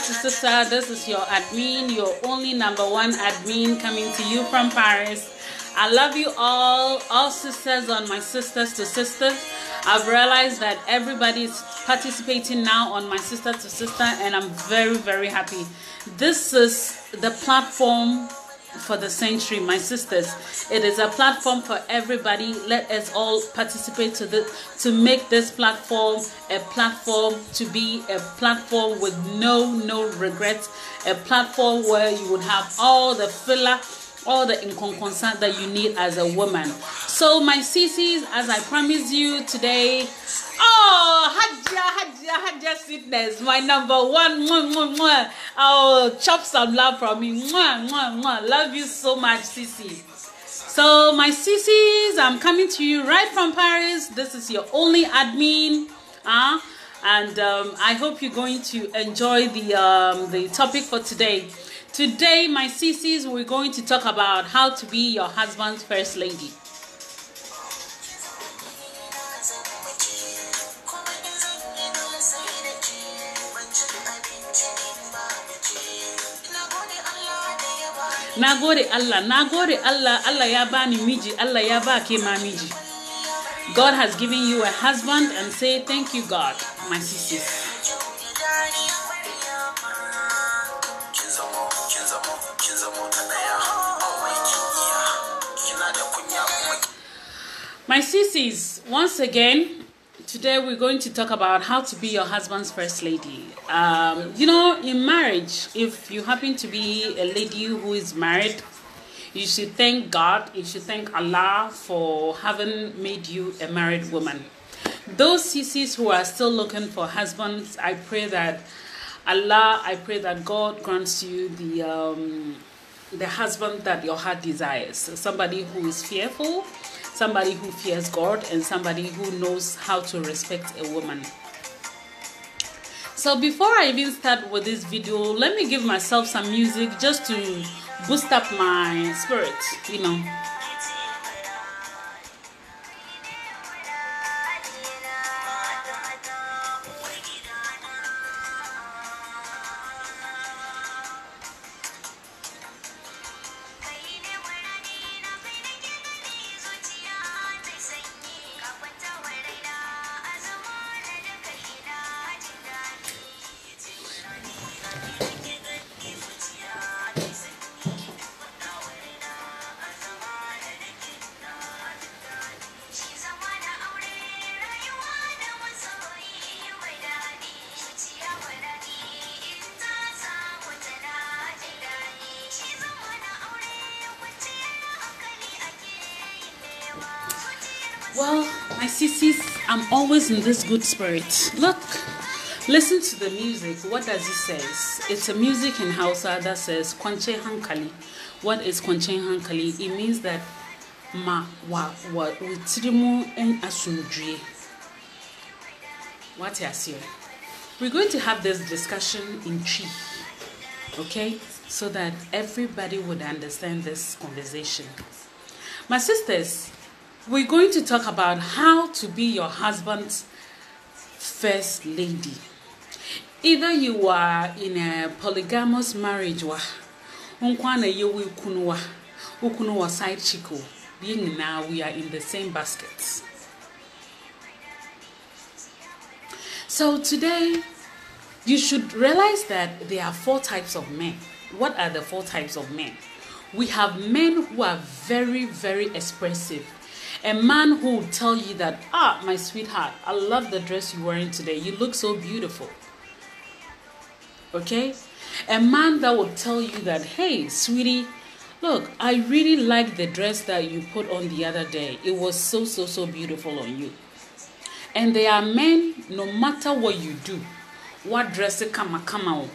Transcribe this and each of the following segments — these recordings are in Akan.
to Sister. This is your admin, your only number one admin coming to you from Paris. I love you all, all sisters on my sisters to sisters. I've realized that everybody is participating now on my sister to sister, and I'm very, very happy. This is the platform for the century, my sisters. It is a platform for everybody. Let us all participate to this to make this platform a platform to be a platform with no no regrets, a platform where you would have all the filler all the income that you need as a woman. So my sissies, as I promised you today, oh, hadja, hadja, hadja Sweetness, my number one, mwah, mwah, mwah. oh, chop some love from me, mwah, mwah, mwah. love you so much, sissy. So my sissies, I'm coming to you right from Paris. This is your only admin. Uh, and um, I hope you're going to enjoy the, um, the topic for today. Today, my sissies, we're going to talk about how to be your husband's first lady. Nagore Allah, Nagore Allah, Allah yaba bani miji, Allah yaba kema miji. God has given you a husband and say thank you God, my sisters. My sissies, once again, today we're going to talk about how to be your husband's first lady. Um, you know, in marriage, if you happen to be a lady who is married, you should thank God, you should thank Allah for having made you a married woman. Those sissies who are still looking for husbands, I pray that Allah, I pray that God grants you the um, the husband that your heart desires, somebody who is fearful somebody who fears God and somebody who knows how to respect a woman. So before I even start with this video, let me give myself some music just to boost up my spirit, you know. Well, my sissies, I'm always in this good spirit. Look, listen to the music. What does it say? It's a music in Hausa that says Kwanche Hankali. What is Kwanche Hankali? It means that ma wa wa witirimu en asumdrie. What is here? We're going to have this discussion in chief, okay? So that everybody would understand this conversation. My sisters, we're going to talk about how to be your husband's first lady. Either you are in a polygamous marriage, wa, unkwana yewe ukunuwa, ukunuwa side chiko. being now we are in the same basket. So today, you should realize that there are four types of men. What are the four types of men? We have men who are very, very expressive a man who will tell you that, ah, my sweetheart, I love the dress you're wearing today. You look so beautiful. Okay? A man that will tell you that, hey, sweetie, look, I really like the dress that you put on the other day. It was so, so, so beautiful on you. And there are men, no matter what you do, what dress come kama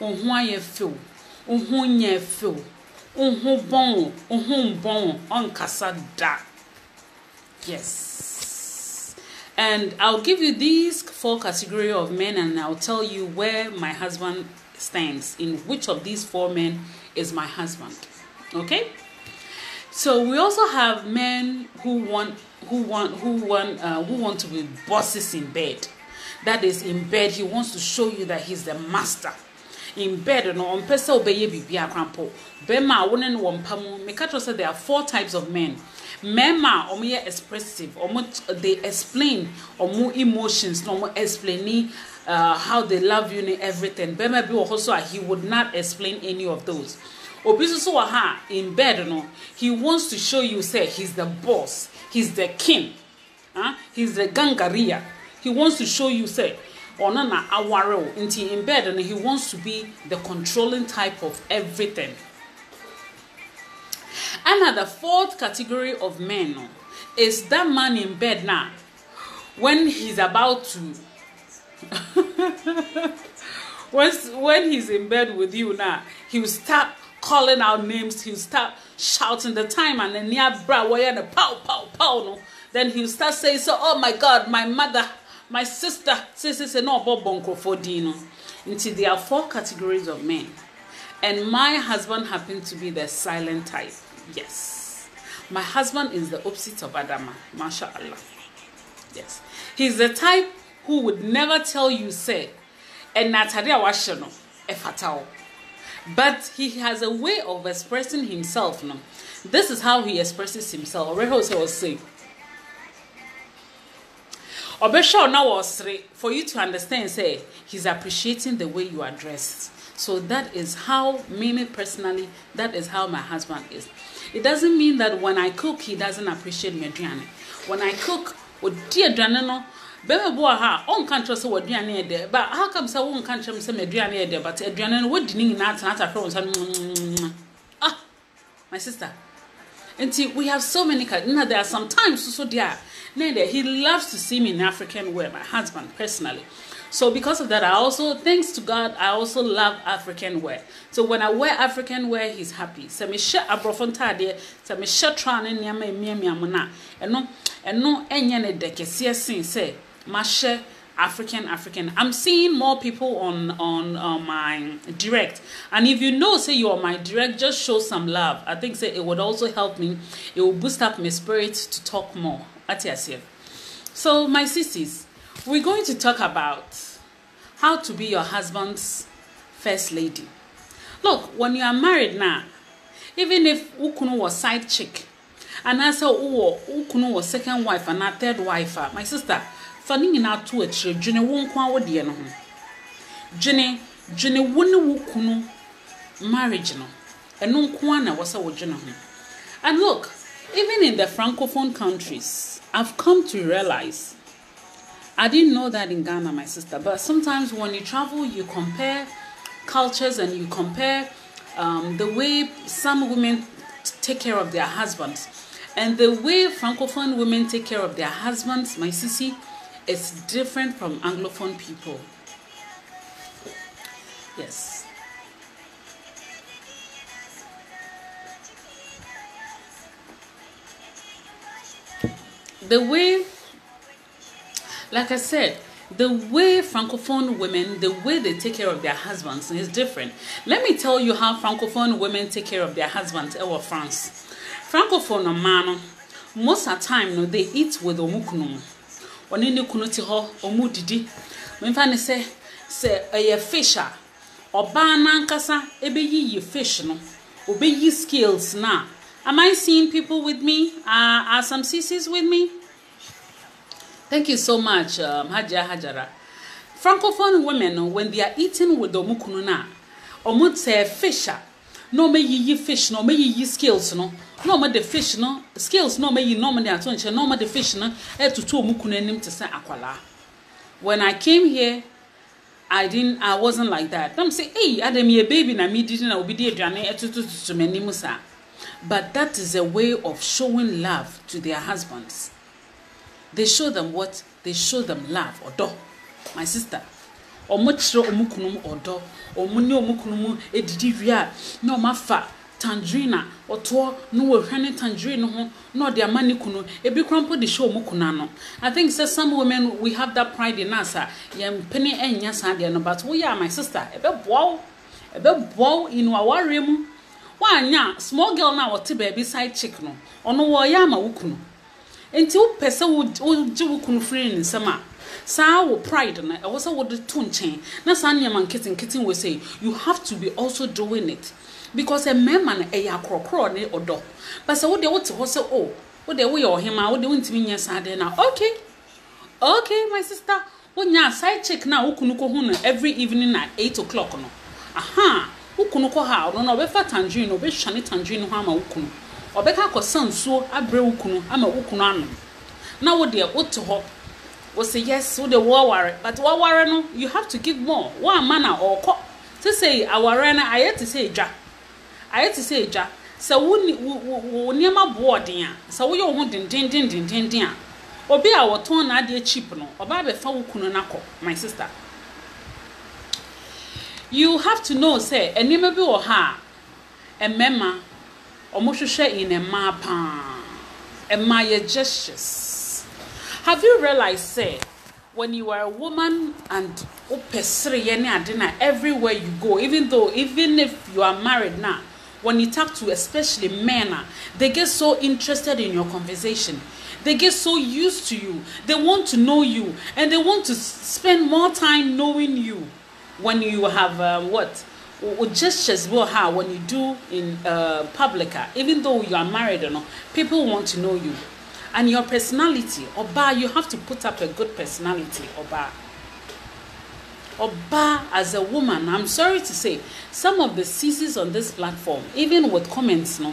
o, who are you feel, who are feel, feel, who bon, bone, who bon, on kasada. Yes. And I'll give you these four category of men and I'll tell you where my husband stands in which of these four men is my husband. Okay? So we also have men who want who want who want uh, who want to be bosses in bed. That is in bed he wants to show you that he's the master. In bed no on pesa obeye bibia krampo. Bema wone no wampa mu. said there are four types of men. mmarima a wɔyɛ expressive wɔn they explain wɔn emotions na wɔn explain ni. Uh, how they love you and everything bẹẹma bi wọ hɔ so a he would not explain any of those obi soso wɔ ha in bed no he wants to show you say he's the boss he's the king huh? he's the gangaria he wants to show you say ɔno na aware o nti in bed no he wants to be the controlling type of everything. Another fourth category of men is that man in bed now when he's about to Once, when he's in bed with you now, he'll start calling out names, he'll start shouting the time and then bra where the pow pow pow no. Then he'll start saying so oh my god, my mother, my sister, sis is no bonko for dino. Until there are four categories of men. And my husband happened to be the silent type. Yes. My husband is the opposite of Adama, Allah. Yes. He's the type who would never tell you, say, and Natalia Washano, a fatal. But he has a way of expressing himself. No? This is how he expresses himself. Rehoso will say, Obesha now for you to understand, say, he's appreciating the way you are dressed. So that is how Mimi personally, that is how my husband is. It doesn't mean that when I cook, he doesn't appreciate me aduane. When I cook, odi aduane no, bɛrɛ bɔ ha ɔnka nkyerɛ sɛ wɔaduane yɛ dɛ But how come sɛ wonka nkyerɛ m sɛ maduane yɛ dɛ but aduane no wodi ne nyinaa tena atahwɛ wo nsa ah my sister And see, we have so many cards there are some times so so there a na he loves to see me in african wear my husband personally So because of that, I also, thanks to God, I also love African wear. So when I wear African wear, he's happy. Sɛ mehyɛ aborɔfo ntaadeɛ, sɛ mehyɛ trɔ ne nneɛma emiamia mu na, ɛno ɛno ɛnyɛ ne dɛ kɛseɛ sen sɛ mahyɛ African African. I'm seeing more people on on uh, my direct, and if you know, say you are my direct, just show some love. I think say it would also help me. It will boost up my spirit to talk more. Ati asif. So my sisters, We're going to talk about how to be your husband's first lady. Look, when you are married now, even if Ukunu was side chick, and I said, oh, Ukunu was second wife and a third wife, uh, my sister, fanning in our two a tree, Jenny won't come with you. Jenny, Jenny wouldn't Ukunu marriage no, and no kwana was our Jenny. And look, even in the francophone countries, I've come to realize I didn't know that in Ghana, my sister, but sometimes when you travel, you compare cultures and you compare um, the way some women take care of their husbands. And the way Francophone women take care of their husbands, my sissy, is different from Anglophone people. Yes. The way Like I said, the way francophone women the way they take care of their husbands is different let me tell you how francophone women take care of their husbands ɛwɔ france francophone man, most of the time they eat with ɔmo kunu mu ɔne ne kunu te hɔ ɔmo didi mmefa ne sɛ sɛ ɛyɛ fish a ah, ɔbaa nankasa ɛbɛyiyi fish no ɔbɛyi scales na am i seeing people with me are, are some sisters with me Thank you so much, um, Hajia Hajara. Francophone women, when they are eating with the mukununa, or ah, mutse fish, no me ye fish, no me ye scales, no, no me the fish, no, scales, no me ye normally at once, no me the fish, no, eh, to two mukunenim to say aquala. When I came here, I didn't, I wasn't like that. Them say, hey, Adam, ye baby, na e me didn't, I will be the adriane, eh, to to to to me But that is a way of showing love to their husbands they show them what they show them love ɔdɔ my sister ɔmo kyerɛ ɔmo kunum ɔdɔ ɔmo ne ɔmo kunum edidi wia na ɔmo afa tangerine a ɔtoɔ na wɔhwɛne tangerine no ho na ɔde ama ne kunu ebi kura mpo de hyɛ ɔmo kunu ano i think sɛ some women we have that pride in us a yɛn mpene ɛnya saa deɛ no but woyɛ a my sister ɛbɛboa wo ɛbɛboa wo inu awaare mu wanya small girl na ɔte baabi side chick no ɔno wɔɔyɛ ama wo kunu nti wopɛ sɛ wogye wo kunu firi ne nsɛm a saa wo pride no ɛwɔ sɛ wode to nkyɛn na saa nneɛma nketenketen wɔ sɛ you have to be also doing it because mmarima no ɛyɛ akorɔkorɔ ne ɔdɔ but sɛ wode wote hɔ sɛ o oh, wode woyɛ ɔhema wode wontumi nyɛ saa deɛ na okay okay my sister wonya side check na wo kunu kɔ ho no every evening na eight o'clock no aha wo kunu kɔ ha ɔno no, ɔbɛfa tangerine no ɔbɛhwane tangerine no ho ama wo kunu ɔbɛka akɔsa nsuo abrɛ wo kunu ama wo kunu anom na wo deɛ wote hɔ wɔsi yes wo deɛ wɔware but wɔware no you have to give more wɔn ama na ɔkɔ sese aware no ayɛ te sɛ edwa ayɛ te sɛ edwa sɛ wo ni wo wo wo nneɛma boɔ ɔden a sɛ woyɛ wo ho dendendendenden a obi a wɔtɔn n'adeɛ cheap no ɔbaa bɛfa wo kunu n'akɔ my sister you have to know sɛ nneɛma bi wɔ ha a mmarima. ɔmohwehwɛ in a paa mmaa yɛ gestures have you realized say when you are a woman and everywhere you go even though even if you are married now when you talk to especially men they get so interested in your conversation they get so used to you they want to know you and they want to spend more time knowing you when you have uh, what o gestures bi how when you do in uh, public a uh, even though you are married or not, people want to know you and your personality ɔbaa you have to put up a good personality ɔbaa ɔbaa as a woman i'm sorry to say some of the ceases on this platform even with comments no.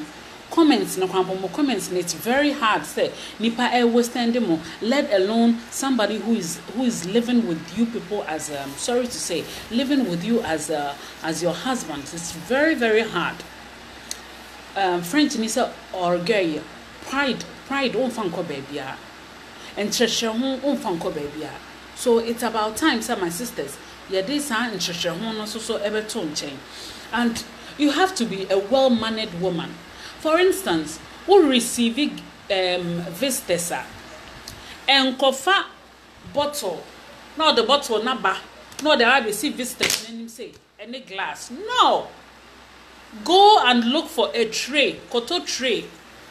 comments no kwampo mo comments and it's very hard say nipa e western demo, let alone somebody who is who is living with you people as um, sorry to say living with you as uh, as your husband it's very very hard um, french ni or gay, pride pride on fanko baby and cheshe on fanko baby so it's about time sir my sisters yeah this and so ebe to and you have to be a well-mannered woman for instance wo receive um, visitors a bottle na ɔde bottle n'aba na ɔde ara receive visitors n'anim sɛ ɛne glass no go and look for a tray koto tray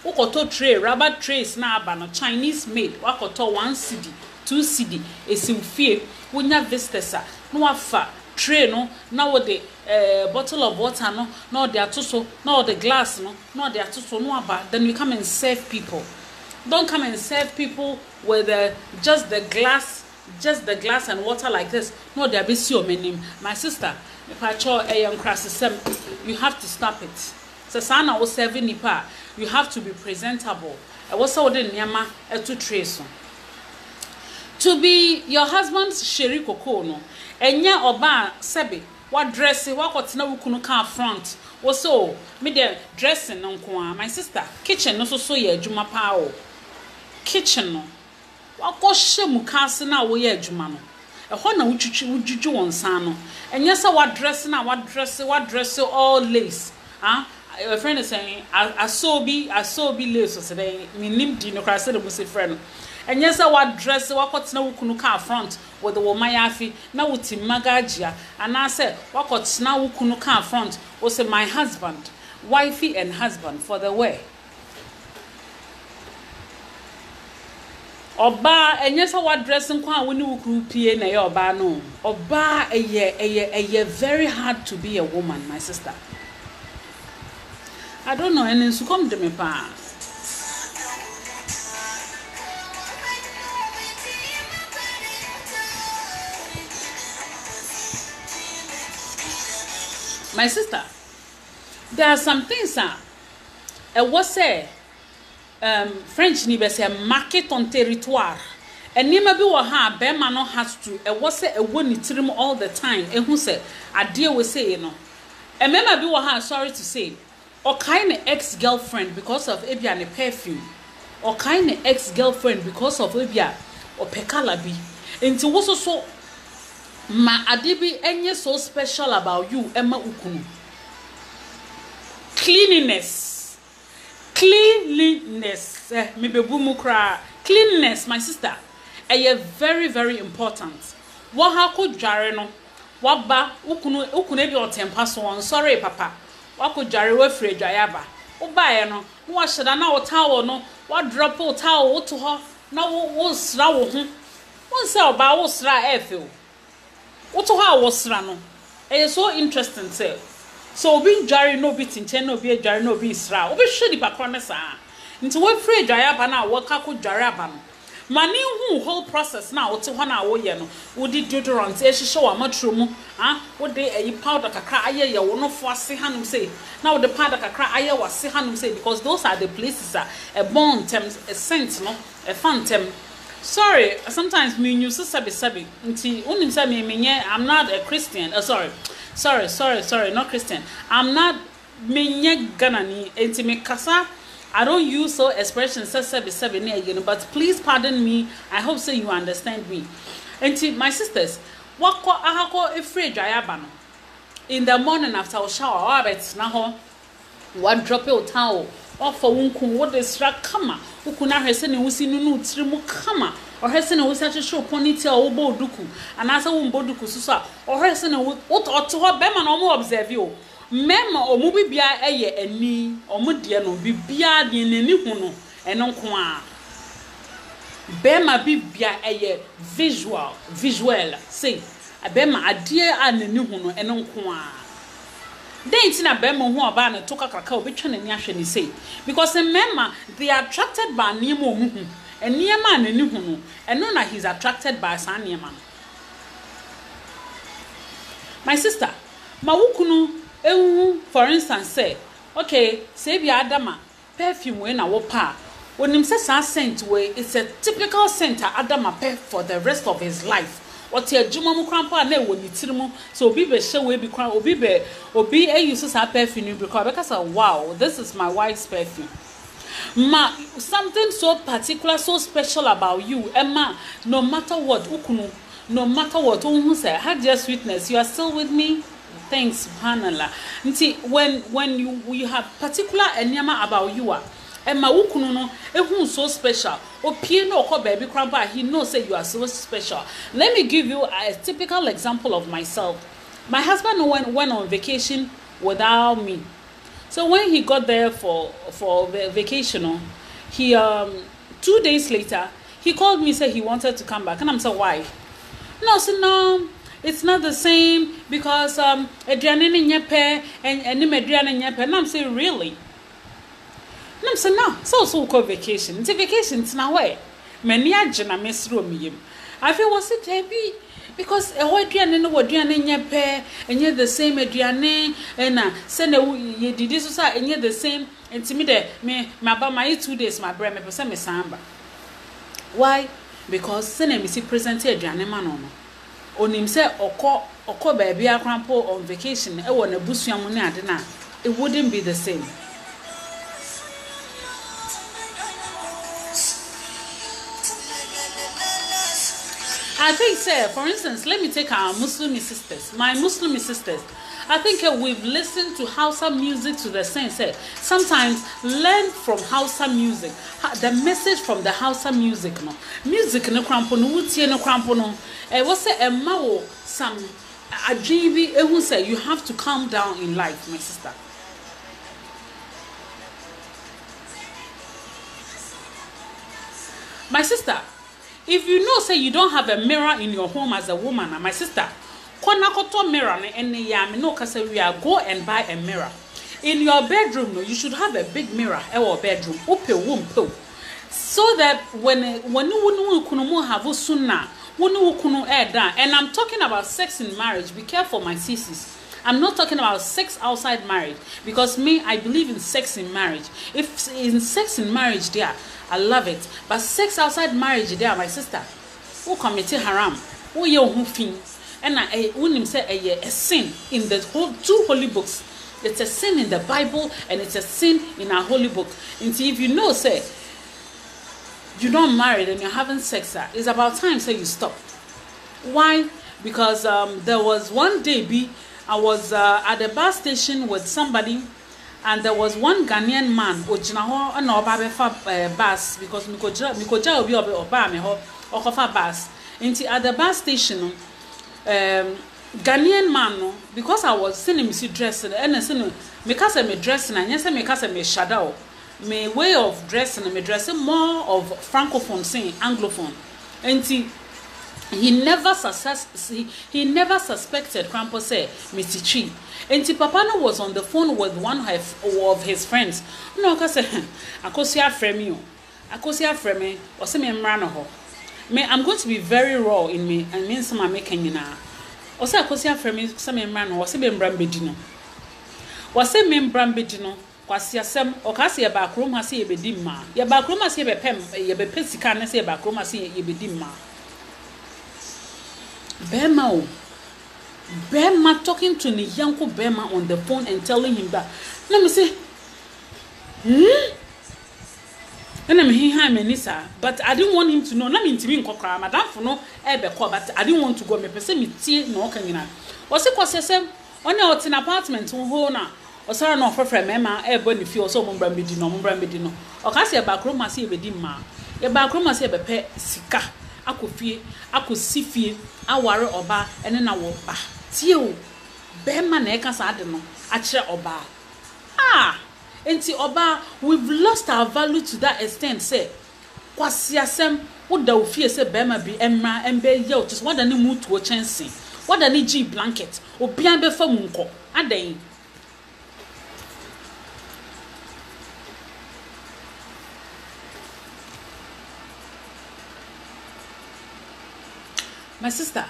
wokɔtɔ tray rubber trays na aba no chinese made wakɔtɔ one cd two cd esi fie wonya visitors a na wafa tray no na wɔde uh, bottle of water no na ɔde ato so na ɔde glass no na ɔde ato so no aba then you come and serve people don't come and serve people with uh, just the glass just the glass and water like this na ɔde abesi ɔmo anim my sister if I mpatsɔ ɛyɛ nkrasesɛm you have to stop it sɛ saa na wo serve nipa you have to be presentable ɛwɔ sɛ wɔde nneɛma ɛto tray so to be your husband's sheri koko no ɛnyɛ ɔbaa sɛbi wadresse wakɔtena wo kunu kaa front wo sɛ o me deɛ dressing no nko a my sister kitchen no soso yɛ adwuma paa o kitchen no wakɔhyɛ mu kaa na no a woyɛ adwuma no ɛhɔ na wotwitwi wodwidwi wɔn nsa no ɛnyɛ sɛ na no a wadresse wadresse all lace ah ɛfrɛ no sɛn asoo bi asoo bi lace sɛ dɛn menim di no koraa sɛ de mo se frɛ no And ɛnyɛ sɛ wadrɛse wakɔtena wo kunu kaa front wɔde the man afi na wɔte mmagagyia anaasɛ wakɔtena wo kunu kaa front wɔsɛ my husband wifey and husband for the way and yes, I wadrɛse nko a wo ne wo kunu pie na ɛyɛ ɔbaa no ɔbaa ɛyɛ ɛyɛ ɛyɛ very hard to be a woman my sister i don't know And nsu kɔm to me paa. my sister there are some things ah. ɛwɔ sɛ um, french ni bɛ sɛ market on territoire nneɛma bi wɔ ha a bɛrima no has to ɛwɔ sɛ ɛwɔ ne tirim all the time ehu sɛ adeɛ wɔ sɛ yi no mmarima bi wɔ ha sorry to say ɔkae ne ex girlfriend because of ebi ne perfume ɔkae ne ex girlfriend because of ebi a ɔpɛ colour bi nti wososo. ma ade bi enye so special about you ɛma ukunu cleanliness cleanliness ɛ eh, mebebu mu koraa cleanliness my sister ɛyɛ very very important wɔn ha ko dware no waba ukunu ukunu ebi ɔtɛmpa so wɔn sɔre papa wakɔ dware wafiri adwareɛ aba wobaeɛ no na wahyɛ da na wo tawɔ no wadrɔpo tawɔ woto hɔ na wosra wo ho wonsɛ ɔbaa wosra ɛɛfɛ o. wotɔ hɔ a wɔsra no ɛyɛ so interesting sɛ So obi ndware na obi te nkyɛn na obi adware na obi nsra obi hwɛ nipa korɔ ne saa nti wɔafiri adware aba no a wɔka ko dware aba no ma ne hu whole process na wote hɔ na woyɛ no wode deodorant ɛhyehyɛ wɔ amaturo mu a ah, wode ayi eh, powder kakra ayɛ yɛ wo nofo ase hanom sɛ na wode powder kakra ayɛ wɔ ase hanom sɛ because those are the places a ɛbɔn ntɛm scent no ɛfa ntɛm sorry sometimes me you so sabi sabi nti unim say me me i'm not a christian uh, sorry sorry sorry sorry not christian i'm not me nye ni. nti me kasa i don't use so expression say sabi sabi ne again but please pardon me i hope so you understand me nti my sisters wakɔ ahakɔ efiri adwaye aba no in the morning after shower wa abɛtena hɔ wa drop your towel ɔfa wo nkun wode sra kama wo kun ahwɛ sɛ ne wosi no no tiri mu kama ɔhwɛ sɛ ne wosi ahyehyɛ pɔni ti a wobɔ duku anaasɛ wombɔ duku soso a ɔhwɛ sɛ ne wote ɔte hɔ bɛrima na ɔmo observe o mmarima ɔmo bibia ɛyɛ ani ɔmo deɛ no bibia deɛ n'ani ho no ɛno nko a bɛrima bibia ɛyɛ visual visual sei bɛrima adeɛ a n'ani ho no ɛno nko a den ti na bɛrima ho ɔbaa ne to kakraka obetwa n'ani ahwɛ ne sei because mmarima they are attracted by nneɛma ɔmo ho nneɛma a n'ani ho no ɛno na he is attracted by saa nneɛma no my sister ma wo kunu ewu for instance sɛ okay sɛ ebi adama perfume wei na wɔpa a onim sɛ saa scent wei it's a typical scent a adama pɛ for the rest of his life wɔte adwuma mu koraa mpo a na ɛwɔ ne tiri mu so obi bɛhyɛ wei bi koraa obi bɛ obi ayi so saa perfume no bi koraa ɔbɛka wow this is my wife's perfume ma something so particular so special about you ɛma eh, no matter what ukunu no matter what ohun sɛ ha your sweetness you are still with me thanks subhanallah nti when when you you have particular nneɛma about you a. Ah, ɛma wo kunu no ehun so special opie na ɔkɔ baabi koraa ba he know say you are so special let me give you a typical example of myself my husband went, went on vacation without me so when he got there for for vacation oh, he um, two days later he called me say he wanted to come back and i'm say why no so no it's not the same because um aduane ne nyɛ pɛ ɛnim aduane nyɛ pɛ and i'm say really nam sɛ na sɛ wo so wokɔ vacation nti vacation tena hɔ ɛ m'ani agye na mesrɛ ɔmeyam afei wɔ se daabi because ɛhɔ aduane no wɔ aduane nyɛ pɛ ɛnyɛ the same aduane eh, eh, ɛna sɛna yɛdidi so sɛ eh, ɛnyɛ the same ntumi dɛ me maba mayɛ two days mabrɛ mepɛ sɛ mesan ba why because sɛna mesi present aduane ma oh, no oh, no onim sɛ ɔkɔ ɔkɔ baabi akora mpo on vacation ɛwɔ n'abusua mu ne ade no a it wouldn't be the same I think, sir, for instance, let me take our Muslim sisters, my Muslim sisters. I think uh, we've listened to Hausa music to the same set. Eh, sometimes learn from Hausa music. the message from the Hausa music, no music no krampo no utie no cramp no. Eh, what's a eh, mawo some adribi ehun say you have to calm down in life, my sister. My sister, if you know say you don't have a mirror in your home as a woman and my sister konakoto mirror ne ɛne no ame we are go and buy a mirror in your bedroom no you should have a big mirror your bedroom open wo so that when when wo ne kunu mu have so kunu and i'm talking about sex in marriage be careful my sisters I'm not talking about sex outside marriage because me, I believe in sex in marriage. If in sex in marriage, there, I love it. But sex outside marriage, there, my sister, who committed haram, who ye who fin, and I eh, who not say a eh, eh, sin in the whole two holy books. It's a sin in the Bible and it's a sin in our holy book. And see, if you know, say, you're not married and you're having sex, it's about time, say, you stop. Why? Because um, there was one day, B, I was uh, at the bus station with somebody and there was one Ghanaian man ogyina hɔ na ɔba abɛfa ɛɛ eh, bus because mikogyina mikogya obi ɔbɛ ɔbaa mi hɔ ɔkɔfa bus nti at the bus station no um, Ghanaian man no because I was sɛ ne misi dress no ɛna sɛ no meka sɛ me dress na nyɛ sɛ meka sɛ me hyada o me way of dressing me dressing more of francophone sɛn anglophone nti he never success he, he never suspected Krampo say Mr. Chi. And papa no was on the phone with one of his friends. No ka say akosi afrɛ me o. Akosi afrɛ me o se me mra no ho. Me I'm going to be very raw in me and me some make nyina. O se akosi afrɛ me me mra no o se be mra mbedi no. O se me mra mbedi no kwasi asɛm ɔka sɛ yɛba kurom ha sɛ yɛbɛdi mmaa yɛba kurom ha sɛ yɛbɛpɛ yɛbɛpɛ sika na sɛ yɛba kurom ha sɛ yɛbɛdi mmaa Bema o. Bema talking to ne yanko on the phone and telling him that. Let me say, hmm? ɛna mehe ha m'ani saa but i didn't want him to know na mentimi nkɔ koraa no ɛbɛkɔ but i didn't want to go sɛ oh, oh, na ɔka kɔsɛ sɛ ɔne ɔte apartment ho a na ɔfrɛfrɛ mmarima ne fie ɔsɛ no ɔka sɛ ma mmaa ma aware ɔbaa ɛne na wɔ ba tie o bɛrima na ɛka saa de no akyerɛ ɔbaa ah nti ɔbaa we've lost our value to that extent sɛ kwasi asɛm woda wo fie sɛ bɛrima bi ɛmra ɛmbɛ yɛ o te sɛ wada ne mu tuo kyɛnsee wada ne gyi blanket obiara bɛfa mu nkɔ adan. my sister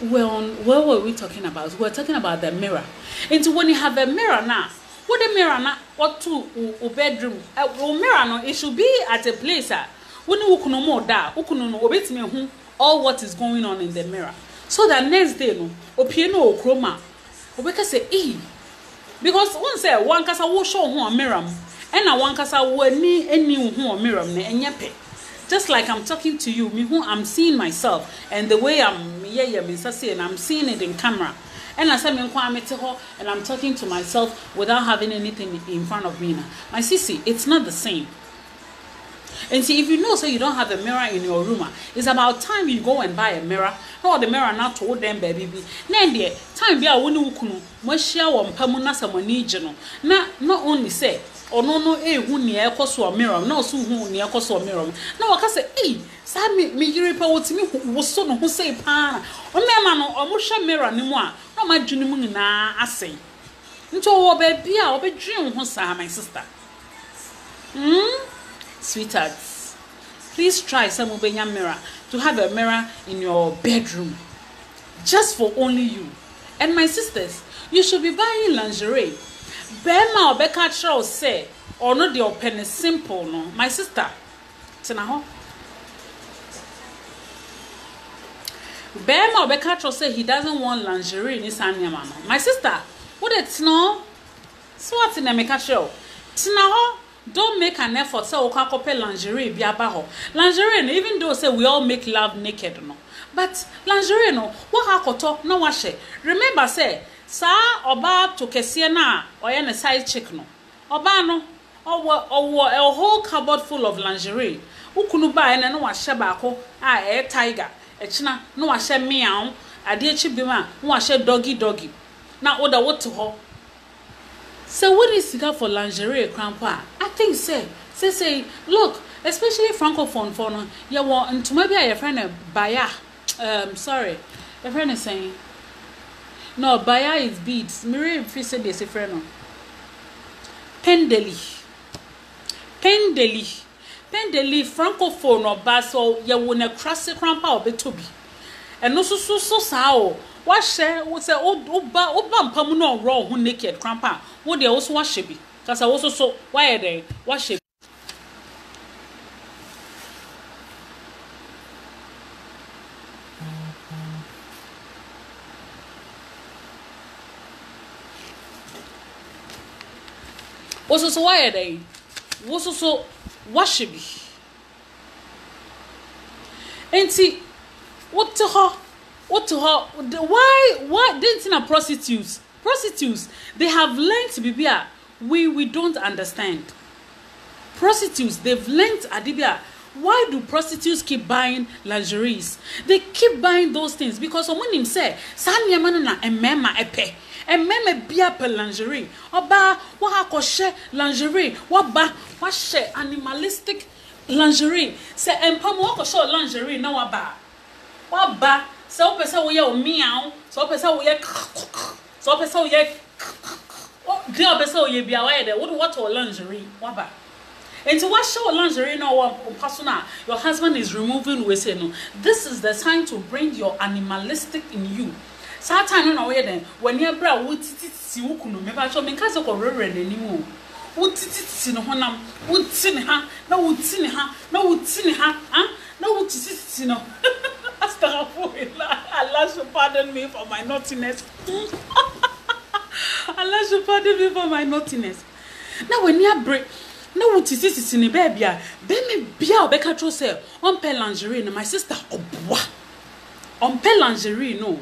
well what were we talking about we were talking about the mirror And when you have a mirror now what the mirror now what to o bedroom o mirror no it should be at a place ah when you kunu mo da kunu no obetimi hu hmm, all what is going on in the mirror so that next day no opie no chroma. ma obeka say eh because one sẹ wọn kasa wọhwẹ ọhún ọmíràn ẹna one kasa wọn ani ẹni ọhún ọmíràn na ẹnyẹ pẹ just like I'm talking to you, me who I'm seeing myself and the way I'm yeah yeah and I'm seeing it in camera. And I said me and I'm talking to myself without having anything in front of me. My sissy, it's not the same. And see, if you know so you don't have a mirror in your room, it's about time you go and buy a mirror. No, the mirror now hold them baby be. Then time be a wunu ukunu much share one pamuna some Na not only say ɔno no ehu nea ɛkɔ so na ɔso hu nea ɛkɔ so wɔ na wɔka sɛ ee saa mi mi yiri pa wotumi woso ne ho sɛ paa mmarima no ɔmo hwɛ mirror ne mu a na ɔmo adwene mu nyinaa asɛn nti ɔwɔ baabi a ɔbɛdwene ho saa my sister mm sweetheart please try sɛ mo bɛnya mirror to have a mirror in your bedroom just for only you and my sisters you should be buying lingerie. bɛrima a ɔbɛka kyerɛ wo sɛ ɔno deɛ ɔpɛ ne simple no my sister tena hɔ bɛrima a ɔbɛka kyerɛ sɛ he doesn't want lingerie ne saa nneɛma no my sister wode tena hɔ sɛ wɔte na meka kyerɛ wo tena hɔ don't make an effort sɛ wokɔ akɔpɛ lingerie bi aba hɔ lingerie no even though say we all make love naked no but lingerie no wɔkɔ akɔtɔ na wahyɛ remember say saa ọbaa to kɛseɛ no a ɔyɛ ne side chick no ɔbaa no ɔwɔ ɔwɔ a whole cupboard full of lingerie wokunu baa ɛnɛ na wahyɛ baako a ɛyɛ tiger ɛkyina no wahyɛ meow adeɛ akyi bi mu a no wahyɛ doggy doggy na woda wote hɔ sɛ wode sika for lingerie krampo a i think sɛ sɛsɛi look especially francophone fo no yɛwɔ ntoma bi a yɛfrɛ no baya um, na ɔbaa is beads mmiri mfi sɛ deɛ ɛsɛ frɛ no pendeli pendeli pendeli francophone ɔbaa sɛ yɛwɔ ne krase krampa a ɔbɛtɔ bi ɛno nso so so saa o wahyɛ sɛ woba woba mpam na ɔwɔ ɔho naked krampa a wo deɛ wo so wahyɛ bi kasa wo so so wayɛ dɛ wahyɛ bi. woso so woayɛ dɛn woso so woahyɛ bi nti wote hɔ wote hɔ why why den ti prostitutes prostitutes they have learnt bibi a we we don't understand prostitutes they've learnt ade a why do prostitutes keep buying lingeries they keep buying those things because ɔmo nim sɛ saa nneɛma no na mmarima pɛ mmarima bi apɛ lingerie ɔbaa wɔha akɔhyɛ lingerie wɔba wahyɛ animalistic lingerie sɛ mpam wɔkɔhyɛ lingerie na waba waba sɛ wopɛ sɛ woyɛ omiaw sɛ wopɛ sɛ woyɛ sɛ wopɛ sɛ woyɛ deɛ wopɛ sɛ woyɛ bia wayɛ dɛ wode wɔtɔ lingerie waba nti wahyɛ wɔ lingerie na ɔwɔ mpa so no a your husband is removing wese no this is the time to bring your animalistic in you saa time no na wɔyɛ dɛn wɔn ani abira a wɔtititi wo kunu mɛba kyɛw mɛnka sɛ kɔwerɛwerɛ n'anim o wotititi ne ho nam woti ne ha na woti ne ha na woti ne ha ah na titi. no astaghfirullah allah should pardon me for my naughtiness allah should pardon me for my naughtiness na wɔni abere na wotiti titi ne baabi a bɛmi bia a ɔbɛka kyerɛw sɛ ɔmpɛ lingerie no my sister ɔboa ɔmpɛ lingerie no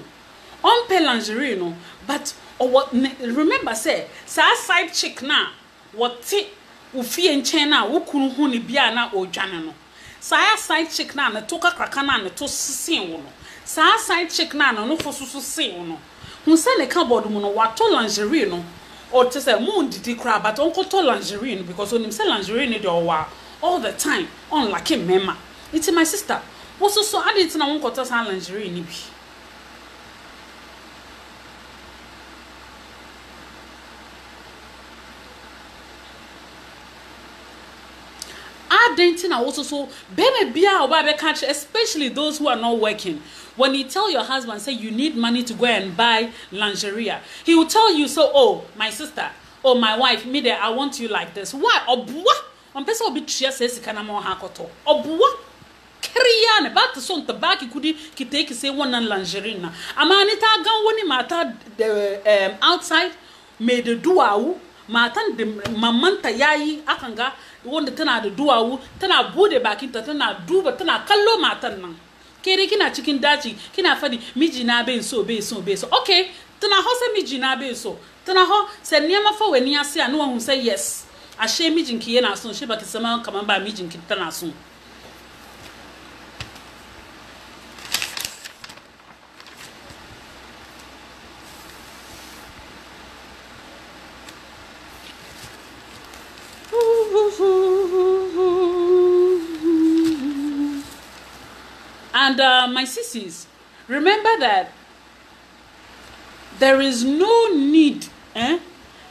ɔmpɛ lingerie no but ɔwɔ ne remember sɛ saa side chick na wɔte ofie nkyɛn na wokunu ho ne bia na ɔredwane no saa side chick na ne to kakraka na ne to sisen wo no saa side chick na ne nofo so so sen wo no hun sɛ ne cupboard mu no wato lingerie no ɔte sɛ mu ndidi koraa but ɔnkɔtɔ lingerie no because onim sɛ lingerie no deɛ ɔwɔ a all the time ɔnlake mmarima nti my sister wososo adi ti na wɔnkɔtɔ saa lingerie no bi. dɛnti na also so bɛrɛ bia especially those who are not working when you tell your husband say you need money to go and buy lingerie he will tell you so oh my sister oh my wife me there i want you like this why ɔboa ɔmpɛ sɛ ɔbi tua sɛ sika na ma ɔha akɔtɔ ɔboa kiriya ne ba te so nta baaki kudi kiteeki se wɔn lingerie na amaa ne taa gan the um outside made de duau, maata de mamanta yaayi akanga. wanda tana da duwawu tana bude bakinta tana duba tana kallo matan nan ke dai kina cikin daji kina fadi mijina bai so bai so bai so okay tana ho sai mijina bai so tana ho sai niyama fa wani ya sai anuwa hun sai yes ashe mijinki yana son shi baki sama kaman ba mijinki tana son And uh, my sisters, remember that there is no need, eh?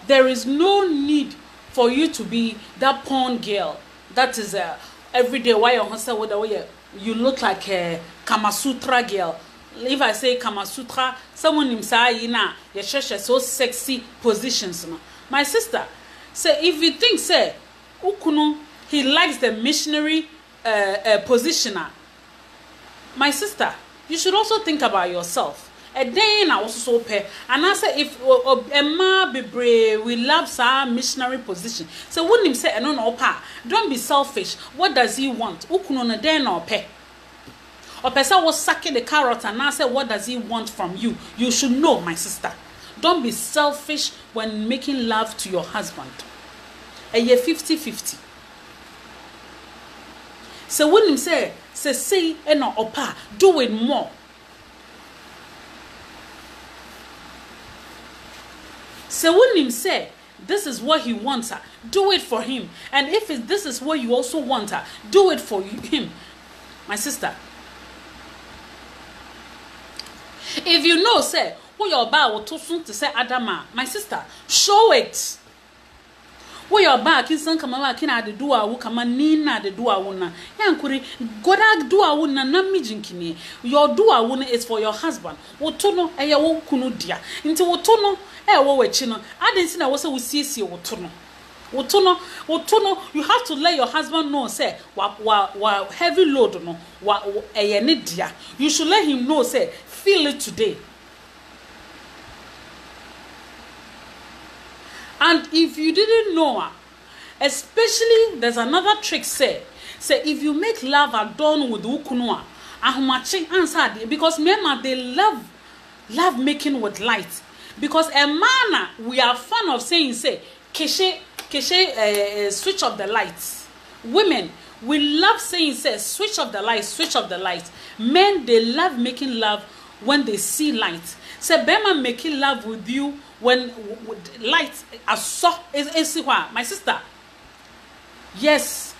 There is no need for you to be that porn girl. That is uh, every day why your husband would you look like a Kama Sutra girl. If I say Kama Sutra, someone himself, you know, you so sexy positions. My sister, say if you think, say, Ukuno, he likes the missionary uh, uh, positioner. my sister you should also think about yourself ɛdɛn na wɔsoso pɛ anaasɛ if e mmaa bebree we love saa missionary position sɛ wonim sɛ ɛno e na ɔpɛ a don't be selfish what does he want wokunu no dɛn na ɔpɛ ɔpɛ sɛ wosake the carrot anaasɛ what does he want from you you should know my sister don't be selfish when making love to your husband ɛyɛ fifty fifty sɛ wonim sɛ sɛ sei ɛna ɔpa do it more sɛ wonim sɛ this is what he wants her do it for him and if it, this is what you also want her do it for him my sister if you know sɛ woyɛ ɔbaa a wɔto so te sɛ adam a my sister show it woyɛ ɔbaa kinsan kama wa kina de do awo kama ni na de do awo na yankuri goda do awo na na mi jinkini your do awo no is for your husband woto no ɛyɛ wo kunu dia nti woto no ɛwɔ w'akyi no adi nsi na ɛwɔ wosiesie woto no woto no woto no you have to let your husband know say wa wa wa heavy load no wa ɛyɛ ne dia you should let him know say feel it today. and if you didn't know her especially there's another trick say say if you make love adorn with ukunu a ahomache answer dey because mmarima they love love making with light because mmaa ah, na we are fond of saying say keshe keshe uh, switch of the lights. women we love saying say switch of the light switch of the light men they love making love when they see light say so, bema making love with you when light asɔ esi hɔ a my sister yes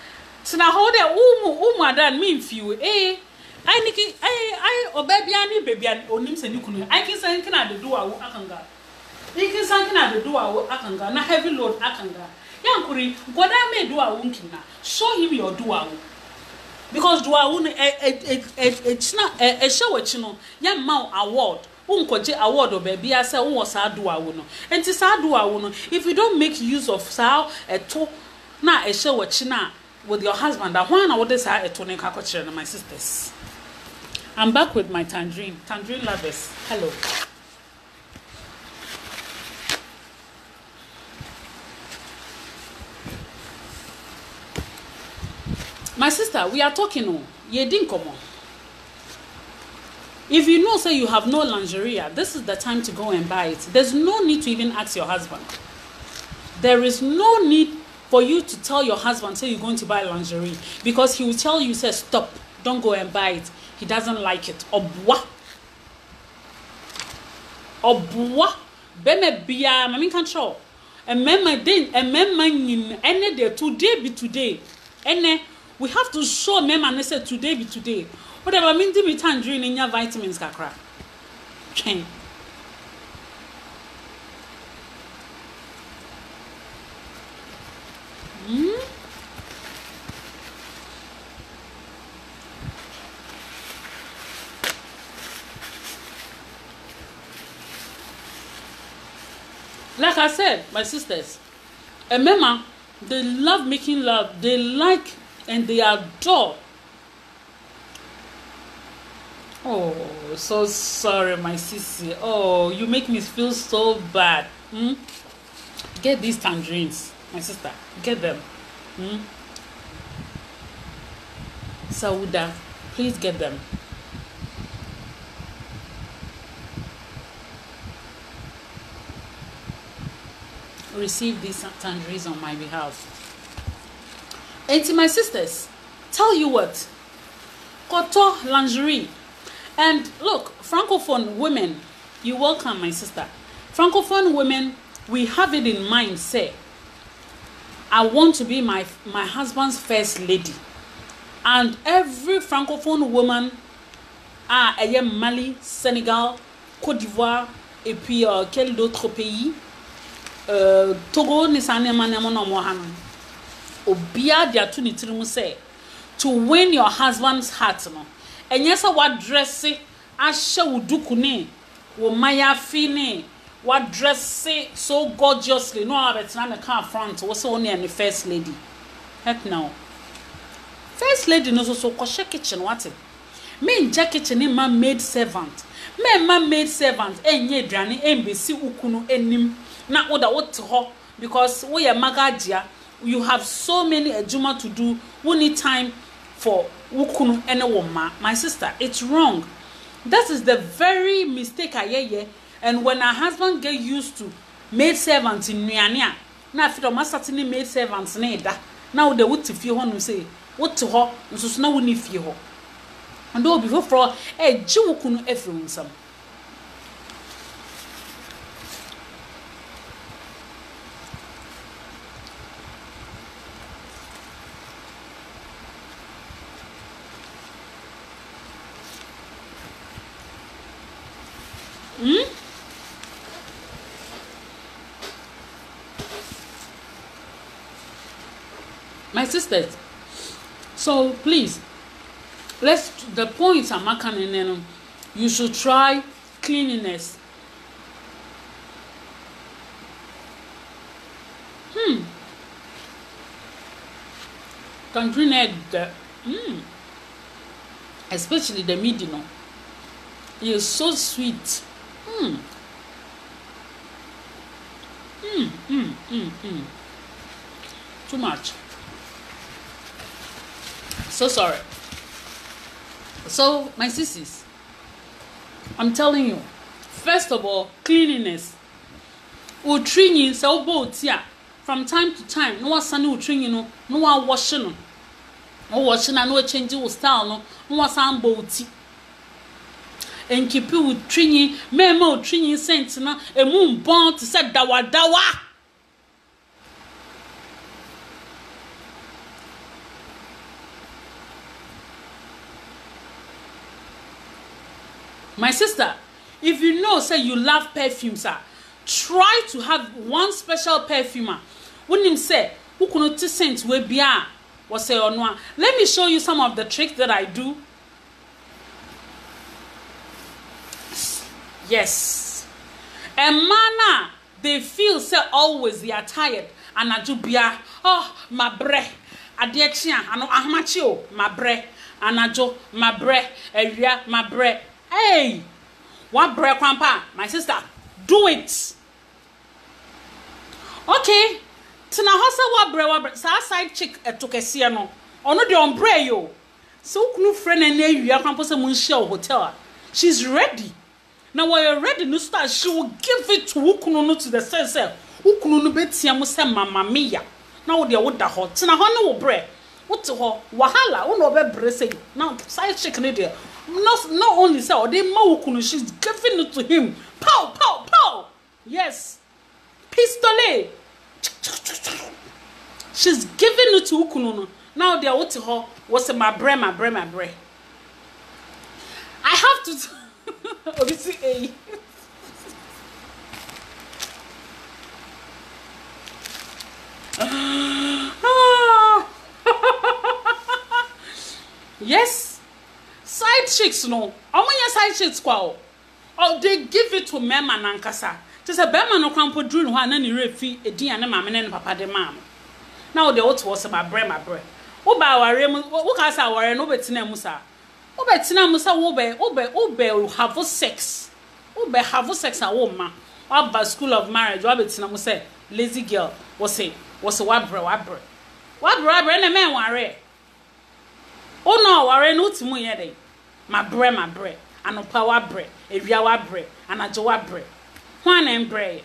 tena hɔ dɛ umu umu adan mi nfi wo I ayi niki ayi ayi obebi ani ne ani a onim sɛ ne kunu ayi kinsa nkina de do awo akanga ayi kinsa nkina de do awo akanga na heavy load akanga yankuri goda me duwa wo kina. show him your duwa wo. because do awo no eh eh eh ɛ ɛkyina eh ɛhyɛ wɔ akyi no yɛ mma award wonkɔgye award baabi a sɛ wowɔ saa adoa awo no nti saa adoa awo no if you don't make use of saa ɛto na ɛhyɛ wɔkyi no with your husband a hwan na wode saa ɛto no nka kɔkyerɛ no my sisters i'm back with my tangerine tangerine lovers hello my sister we are talking o yɛdi nkɔmmɔ If you know, say, you have no lingerie, this is the time to go and buy it. There's no need to even ask your husband. There is no need for you to tell your husband, say, you're going to buy lingerie. Because he will tell you, say, stop, don't go and buy it. He doesn't like it. Obwa. Obwa. Beme biya, mami control. Emema den, ene de, today be today. Ene, we have to show mema, and say, today be today. wode ma mendi me tangerine nya vitamins kakra twɛn hmm? like I said, my sisters, and Mema, they love making love. They like and they adore Oh, so sorry, my sissy. Oh, you make me feel so bad. Hmm? Get these tangerines, my sister. Get them. Hmm? Sauda, please get them. Receive these tangerines on my behalf. And to my sisters, tell you what, Koto lingerie and look, Francophone women, you welcome, my sister. Francophone women, we have it in mind, say, I want to be my, my husband's first lady. And every Francophone woman, ah, I am Mali, Senegal, Côte d'Ivoire, et puis euh, quel d'autres pays euh, Togo, Obia, to win your husband's heart. No? ɛnyɛ sɛ wadrɛse ahyɛ wo duku ne wo mayafi ne wadrɛse eh? so gorgeously na ɔn abɛtena ne car front wɔsɛ wɔn nea ne first lady help now first lady no nso so kɔhyɛ kitchen wate me nkyɛ kitchen ne eh, ma maid servant me ma maid servant ɛnyɛ eh, aduane ɛnbɛsi ukunu anim na woda wote hɔ because woyɛ magagya you have so many adwuma to do wo need time for wo kunu ɛne wo ma my sister it's wrong that is the very mistake ayɛyɛ and when her husband get used to maid servant nnuane a na afei ɔmo asate ne maid servant ne da na wo de wo te fie hɔ nom sɛ wo te hɔ nsoso na wo ne fie eh, hɔ ɔdɔ obi foforɔ ɛgye wo kunu efiri wo nsam. Mm? My sisters, so please, let's the point I'm making, you you should try cleanliness. Hmm. Can Country the hmm. Especially the middle, you is so sweet. Mm. Mm, mm, mm, mm. Too much. So sorry. So, my sisters, I'm telling you, first of all, cleanliness. Utrinyi sɛ wobɔ oti a from time to time na wasane utrinyi no na wawɔhye no wawɔhye no a na wakyɛngye wo style no one wasan bɔ oti nkipi wo trinyi mmarima wo trinyi sent no emu mbɔn te sɛ dawadawa my sister if you know say you love perfumes ah try to have one special perfumer. ah say sɛ wokunu ti scent wɔ bi a wɔsɛ ɔno a let me show you some of the tricks that i do. yes mmaa no a they feel say always they are tired anadwo bia oh mabrɛ adeɛ kye a ano ahomakye o mabrɛ anadwo mabrɛ awia mabrɛ hey wabrɛ kwampa my sister do it okay tena hɔ sɛ wa wabrɛ saa side chick ɛto eh, kɛseɛ no ɔno oh, deɛ ɔmbrɛ yi o sɛ wokunu frɛ no eh, ne awia kwampa sɛ monhyia wo hotel a she's ready na wɔyɛ ready no start she will give it to wo kunu no to the sense sɛ wo kunu no bɛtia mu sɛ mama me ya na wo deɛ woda hɔ tena hɔ ne wo berɛ wote hɔ wahala wo na ɔbɛbrɛ sɛ na side chick no deɛ not, not only sɛ ɔde ma wo kunu she's giving it to him pow pow pow yes pistole she's giving it to wo kunu no na wo deɛ wote hɔ wɔ sɛ mabrɛ mabrɛ mabrɛ i have to orisi eyi yes side chicks no ọmụ nye side chicks kwa o oh, dey give it to mmarima na nkasa sɛ bɛrima no kwan mpo duru ne hɔ a na ne werɛ fi edin papa de maa mo na wo deɛ wote hɔ sɛ mabrɛ ụba awara ba awareɛ mu wo kaa sɛ awareɛ no wobɛtena mu saa wobɛ tena mu sɛ wobɛ wobɛ wobɛ have sex wobɛ have sex a woma waba school of marriage wabɛ tena mu sɛ lazy girl wɔsi wɔsi wabrɛ wabrɛ wabrɛ wabrɛ ɛna mɛn ware wona ɔware no wotu mu yɛ de mabrɛ mabrɛ anopa wabrɛ ewia wabrɛ anadwo wabrɛ hwan na mbrɛ yɛ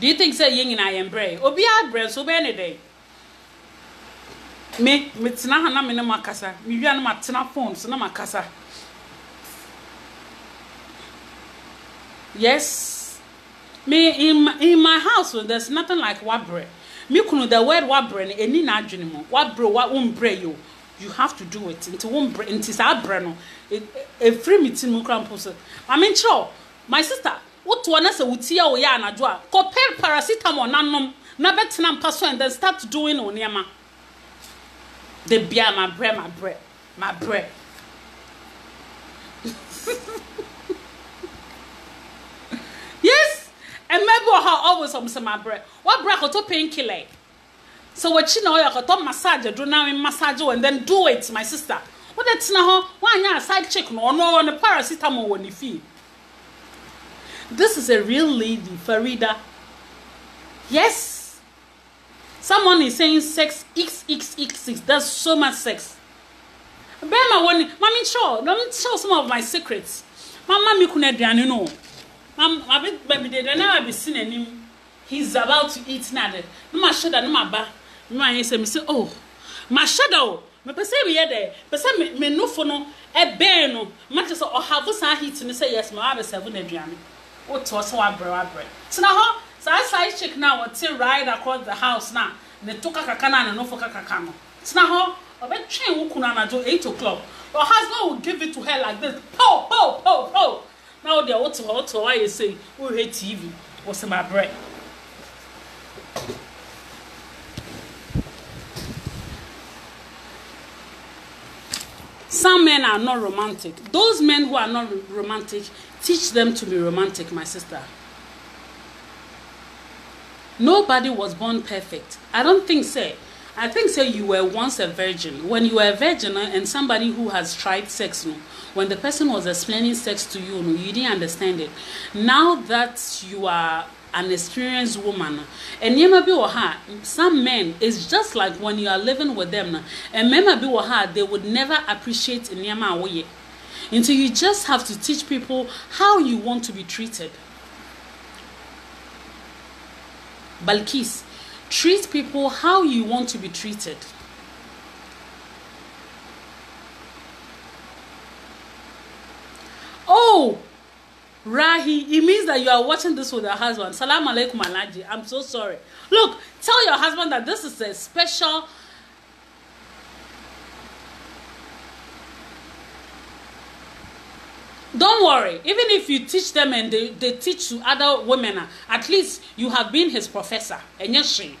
do you think sɛ yɛn nyinaa yɛn brɛ yɛ obiara brɛ nso bɛyɛ ne dɛ me me. metena ha na me ne makasa Me mewia no matena phone so na makasa yes me in in my house there's nothing like wabre me kunu the word wabre ne eni na adwene mo. wabre wa wombre yo you have to do it nti wombre nti saa bre no e, e, efiri mi tin mu kra mpo so maame nkyerɛ my sister What wotoɔ na sɛ o ya anadwo a Copel paracetamol nanom na bɛtena mpa so and then start doing wo ma the beer, my bread, my bread, my bread. yes, and maybe I always am some my bread. What bread got to painkiller? So what you know, I got to massage, do now in massage, and then do it, my sister. What that you know? Why not side check? No, no, on the paracetamol when you feel. This is a real lady, Farida. Yes someone is saying sex xxxx there's so much sex bẹẹma wọn ni maami kyerɛw maami kyerɛw some of my secrets mama mi kun aduane no mama bi baabi de aduane a bi si n'anim he is about to eat na de ne ma hyɛ no ma ba ne ma yɛ sɛ mi sɛ oh ma hyɛ da o mɛ pɛ sɛ mi yɛ dɛ pɛ sɛ mi mi nufo no ɛbɛn no ma kyerɛ sɛ ɔha fo saa heat ne sɛ yes ma wa bɛ sɛ ɛfo n'aduane o tɔ sɛ wa brɛ wa brɛ tena hɔ saa side chick na wɔte ride across the house na ne to kakaka na ne nofo kakaka no tena hɔ ɔbɛtwɛn wo kunu anadwo eight o'clock your husband will give it to her like this pow pow pow pow na wo deɛ wote hɔ wote hɔ ayɛ sɛ wohwɛ tv wɔsɛ ma brɛ Some men are not romantic. Those men who are not romantic, teach them to be romantic, my sister. nobody was born perfect i don't think so i think so you were once a virgin when you were a virgin uh, and somebody who has tried sex no when the person was explaining sex to you no you didn't understand it now that you are an experienced woman uh, and yema be some men it's just like when you are living with them and mema be they would never appreciate yema until you just have to teach people how you want to be treated Balkis, treat people how you want to be treated. Oh, Rahi, it means that you are watching this with your husband. Salam alaikum alaji. I'm so sorry. Look, tell your husband that this is a special don't worry even if you teach them and they, they teach to other women at least you have been his professor ɛnyɛ hwee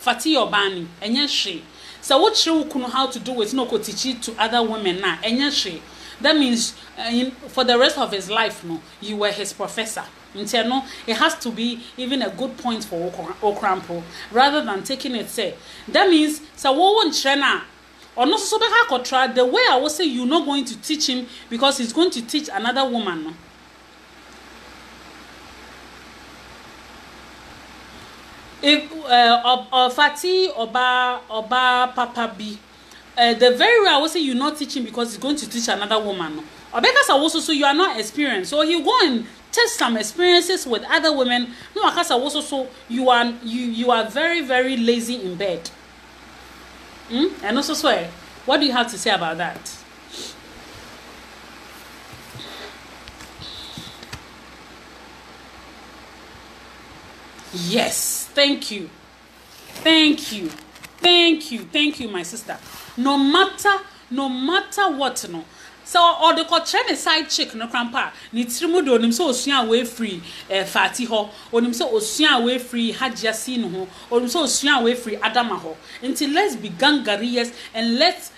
fati yɔbaani ɛnyɛ So what she wo know how to do it no ɔkɔ teach it to other women na ɛnyɛ hwee that means uh, in, for the rest of his life no you were his professor nti no it has to be even a good point for okrampo rather than taking it say that means so. What nkyerɛ no a ɔno nso bɛka akɔtra the way I a say, you no going to teach him because he's going to teach another woman no ɔfa eh, ti ɔbaa ɔbaa papa bi uh, eh, the very way i was say you not teaching because he's going to teach another woman no ɔbɛkasa wo soso you are not experienced so he go and test some experiences with other women no wakasa wo soso you are you you are very very lazy in bed. Mm? And also swear. What do you have to say about that? Yes, thank you. Thank you. Thank you. Thank you, my sister. No matter no matter what no sɛ ɔde kɔkyerɛ ne side chick no krampa ne tiri mu de onim sɛ osua a wafiri ɛɛ eh, faati hɔ onim sɛ osua a wafiri hajia sii ne ho onim sɛ osua a wafiri adama hɔ nti let's be gangariyes and let's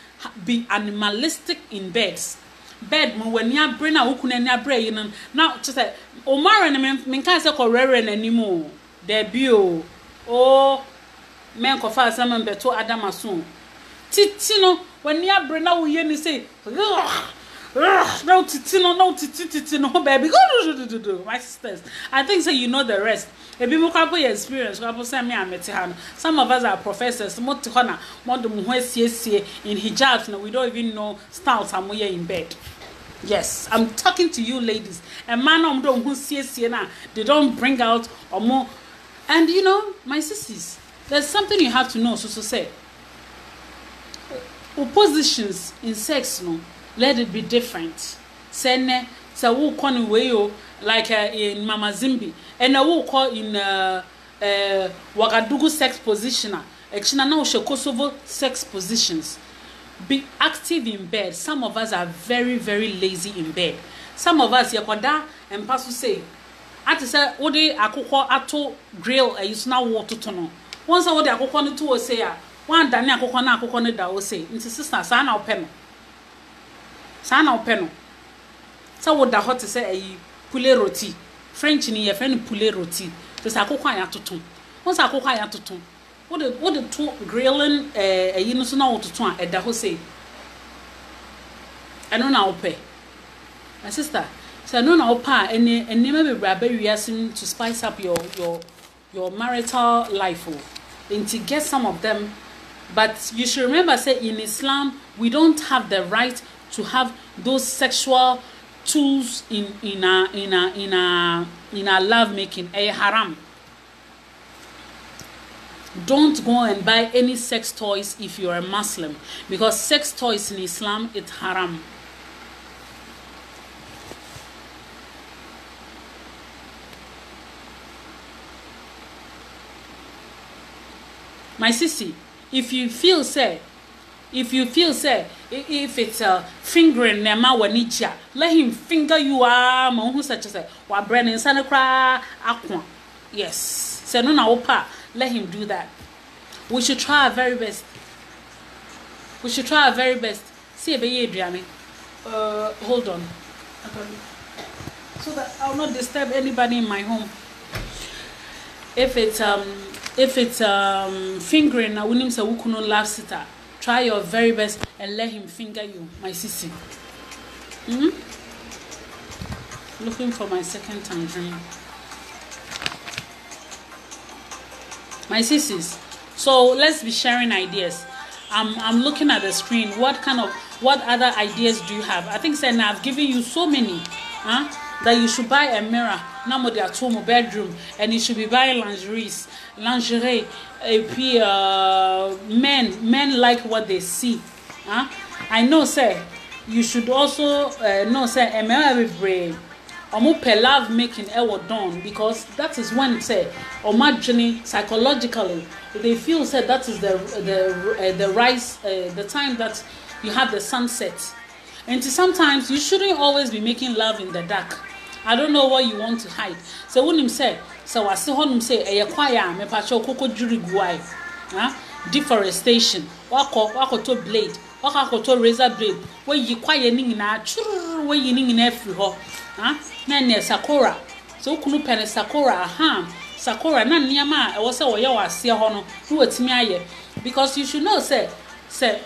be animalistic in beds bed mu w'ani abere na okun ani abere yi no na kyerɛ sɛ omar ne menka sɛ kɔwɛrɛ n'anim o dɛbi o o mɛ nkɔfa asɛm mbɛto adama so titi no w'ani abere na woyɛ ne sɛ no titi no no titi titi no baby my sisters i think so, you know the rest ebi mu kwapo your experience kwapo sɛ me a mete some of us are professors mo te hɔ na mo de mo ho asiesie in hijabs na we don't even know styles a mo yɛ in bed yes i'm talking to you ladies A man, ɔmo um, de ɔmo ho siesie na they don't bring out or more. and you know my sisters there's something you have to know so so say oppositions in sex no. let it be different sɛ nɛ sɛ wokɔ no like uh, in mama zimbi ɛnna wokɔ in uh, uh, wagadugu sex positioner, a ɛkyina na wohyɛ kosovo sex positions be active in bed some of us are very very lazy in bed some of us da, and pastor say, ati se, wode akokɔ ato grill ɛyi eh, so na wɔtoto no wɔn sɛ wode akokɔ no to wɔ se a wɔn adane na da wɔ nti sisan saa saa na wopɛ no sɛ woda hɔ te sɛ ayi pule roti french ni yɛfrɛ no pule roti te sɛ akokɔ a yɛatoto wo sɛ akokɔ a yɛatoto wode wode to grilling ɛɛ eh, ayi no so na wototo a ɛda hɔ sei ɛno na wopɛ my sister sɛ ɛno na wopɛ a ɛne nneɛma bebree abɛwia sin to spice up your your your marital life o nti get some of them but you should remember say in islam we don't have the right to have those sexual tools in in our in a in a in a love making a eh, haram don't go and buy any sex toys if you're a muslim because sex toys in islam it's haram my sissy if you feel say if you feel say if it's a fingering na ma wani let him finger you ah ma hu sɛ kyerɛ sɛ wabrɛ ne nsa no koraa ako yes So no na opa. let him do that we should try our very best we should try our very best see ɛbɛyɛ aduane uh, hold on so that i will not disturb anybody in my home if it's um if it's um fingering na wonim sɛ wo kunu laughs laugh a try your very best and let him finger you, my sis. hmm? Looking for my second tangerine. My sissies. So let's be sharing ideas. I'm, I'm looking at the screen. What kind of what other ideas do you have? I think Senna, I've given you so many huh, that you should buy a mirror now more at home bedroom and you should be buying lingerie, lingerie and puis uh, men men like what they see huh? i know sir you should also uh, know sir ml every ọmụ pẹ love making ẹwọ done because that is when say ọmụ psychologically they feel say that is the the uh, the rise uh, the time that you have the sunset and sometimes you shouldn't always be making love in the dark i don't know what you want to hide sɛ wonim sɛ sɛ wase hɔnom sɛ ɛyɛ kwaeɛ a mepakyɛ wokɔkɔ dwiri guae ha deforestation wakɔ wakɔtɔ blade wakɔ akɔtɔ razor blade wayi kwaeɛ ne nyinaa twerere wayi ne nyinaa afiri hɔ ha na ɛnɛ sakora sɛ wokunu pɛ no sakora aha sakora na nneɛma a ɛwɔ sɛ wɔyɛ wɔ aseɛ hɔ no na wɔatumi ayɛ because you should know sɛ sɛ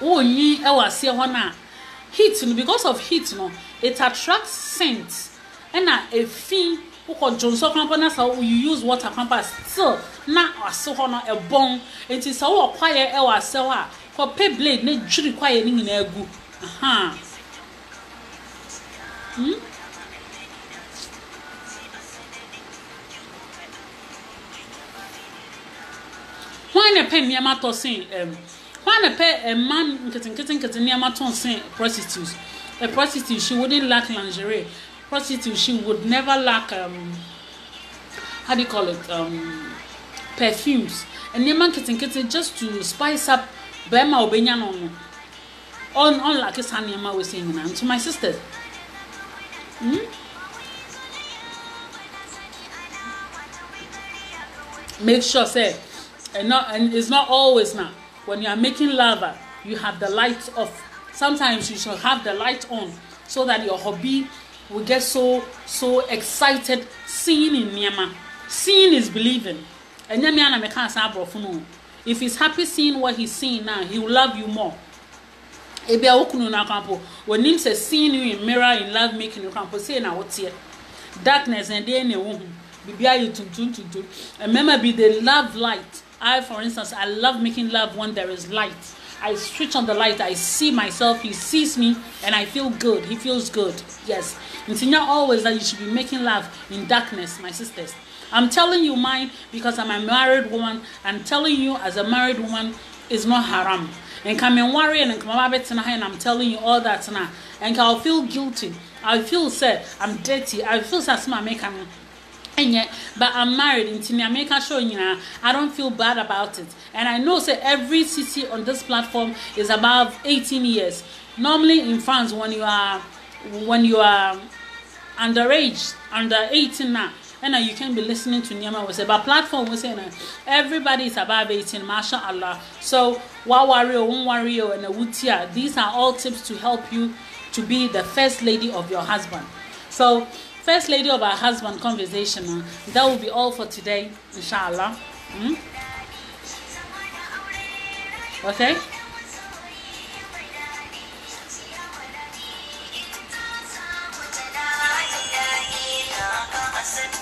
wɔnyi ɛwɔ aseɛ hɔ no a heat no because of heat no it attracts scent ɛna efi wokɔ dwonso krampa na sa you use water krampa still na ase hɔ no ɛbɔn eti sa wowɔ kwaeɛ ɛwɔ ase hɔ a pay blade na dwiri kwaeɛ no nyinaa gu ahan hmm. hwan na pɛ nneɛma tɔ sen ɛm hwan na pɛ mmaa nketenkete nketenkete nneɛma tɔn sen prostitutes a prostitute she wouldn't lack lingerie prostitute she would never lack um, how do you call it um, perfumes nneɛma nketenkete just to spice up bɛrima a obenya no no ɔn ɔn lack saa nneɛma a wɔsi nyinaa nti my sister, Hmm? make sure say and not and it's not always now when you are making lava you have the light off sometimes you should have the light on so that your hobby will get so so excited seeing in nneɛma seeing is believing ɛnyɛ mi ana mi ka aborɔfo no if he's happy seeing what he's seeing now he will love you more ebi a wokunu na akampo onim sɛ seeing you in mirror in love making you kampo sei na woteɛ darkness na ɛdeɛ na ɛwɔ ho bibi ayɛ tuntum tuntum mmarima bi they love light i for instance i love making love when there is light. I switch on the light, I see myself, he sees me, and I feel good. He feels good. Yes. Continue always that you should be making love in darkness, my sisters. I'm telling you mine because I'm a married woman. I'm telling you as a married woman, it's not haram. And come and worry and come and I'm telling you all that now. And I'll feel guilty. I feel sad. I'm dirty. I feel sad and yet but i'm married In me i sure you know i don't feel bad about it and i know say every city on this platform is above 18 years normally in france when you are when you are underage under 18 now and now uh, you can be listening to Niyama we say but platform we say everybody is above 18 masha allah so wa wario not wario and wutia these are all tips to help you to be the first lady of your husband so First lady of our husband conversation. that will be all for today, inshallah. Mm? Okay? I said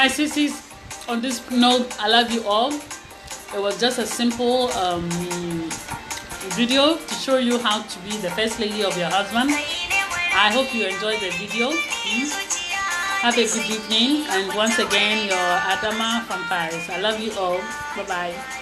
my sissies, on this note, I love you all. It was just a simple um, video to show you how to be the first lady of your husband. I hope you enjoyed the video. Mm. Have a good evening. And once again, your Adama from Paris. I love you all. Bye-bye.